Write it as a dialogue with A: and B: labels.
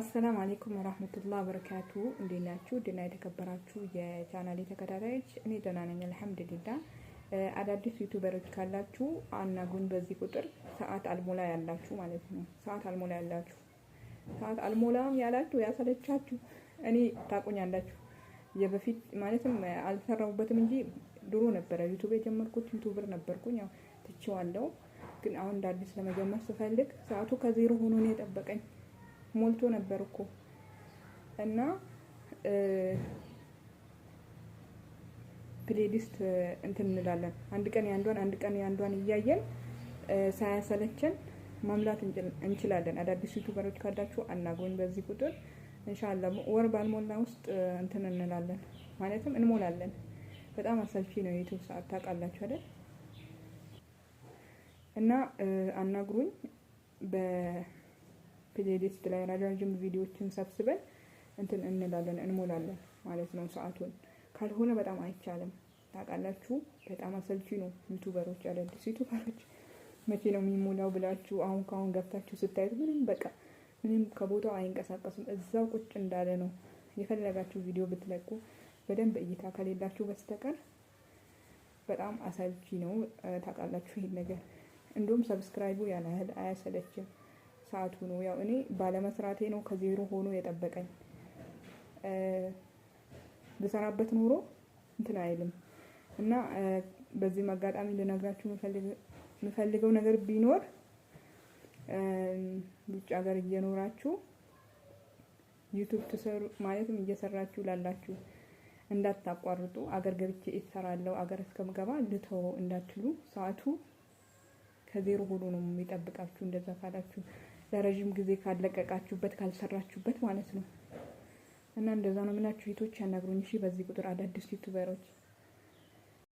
A: አሰላም አሌይኩም ወራህመቱላ በረካቱ እንዴት ናችሁ? ደህና የተከበራችሁ የቻናሌ ተከታታዮች፣ እኔ ደህና ነኝ አልሐምድሊላ። አዳዲስ ዩቱበሮች ካላችሁ አናጉን በዚህ ቁጥር። ሰዓት አልሞላ ያላችሁ ማለት ነው። ሰዓት አልሞላ ያላችሁ፣ ሰዓት አልሞላም ያላችሁ ያሰለቻችሁ፣ እኔ ታቆኛላችሁ። የበፊት ማለትም አልሰራሁበትም እንጂ ድሮ ነበረ ዩቱብ የጀመርኩት ዩቱበር ነበርኩኝ። ያው ትቼዋለሁ፣ ግን አሁን እንደ አዲስ ለመጀመር ስፈልግ ሰዓቱ ከዜሮ ሆኖ ነው የጠበቀኝ ሞልቶ ነበር እኮ እና ፕሌሊስት እንትን እንላለን። አንድ ቀን ያንዷን አንድ ቀን ያንዷን እያየን ሳያሰለቸን መምላት እንችላለን። አዳዲስ ዩቱበሮች ካላችሁ አናግሩኝ በዚህ ቁጥር እንሻላ። ወር ባልሞላ ውስጥ እንትን እንላለን ማለትም እንሞላለን። በጣም አሰልቺ ነው የዩቱብ ሰዓት ታውቃላችሁ አይደል? እና አናግሩኝ በ ፕሌሊስት ላይ ረጃጅም ቪዲዮዎችን ሰብስበን እንትን እንላለን እንሞላለን ማለት ነው ሰዓቱን። ካልሆነ በጣም አይቻልም። ታውቃላችሁ፣ በጣም አሰልቺ ነው። ዩቱበሮች አዳዲስ ዩቱበሮች መቼ ነው የሚሞላው ብላችሁ አሁን ከአሁን ገብታችሁ ስታዩት ምንም በቃ ምንም ከቦታው አይንቀሳቀሱም። እዛው ቁጭ እንዳለ ነው። የፈለጋችሁ ቪዲዮ ብትለቁ በደንብ እይታ ከሌላችሁ በስተቀር በጣም አሰልቺ ነው። ታውቃላችሁ ይሄን ነገር። እንዲሁም ሰብስክራይቡ ያን ያህል አያሰለችም። ሰዓቱ ነው። ያው እኔ ባለመስራቴ ነው ከዜሮ ሆኖ የጠበቀኝ። ብሰራበት ኑሮ እንትን አይልም እና በዚህ አጋጣሚ ልነግራችሁ የምፈልገው ነገር ቢኖር ውጭ ሀገር እየኖራችሁ ዩቱብ ትሰሩ ማለትም እየሰራችሁ ላላችሁ እንዳታቋርጡ። አገር ገብቼ ይሰራለሁ አገር እስከምገባ ልተው እንዳትሉ። ሰዓቱ ከዜሮ ሆኖ ነው የሚጠብቃችሁ እንደዛ ካላችሁ ለረዥም ጊዜ ካለቀቃችሁበት ካልሰራችሁበት ማለት ነው። እና እንደዛ ነው ምናችሁ ሴቶች ያናግሩኝ። እሺ በዚህ ቁጥር አዳዲስ ዩቱበሮች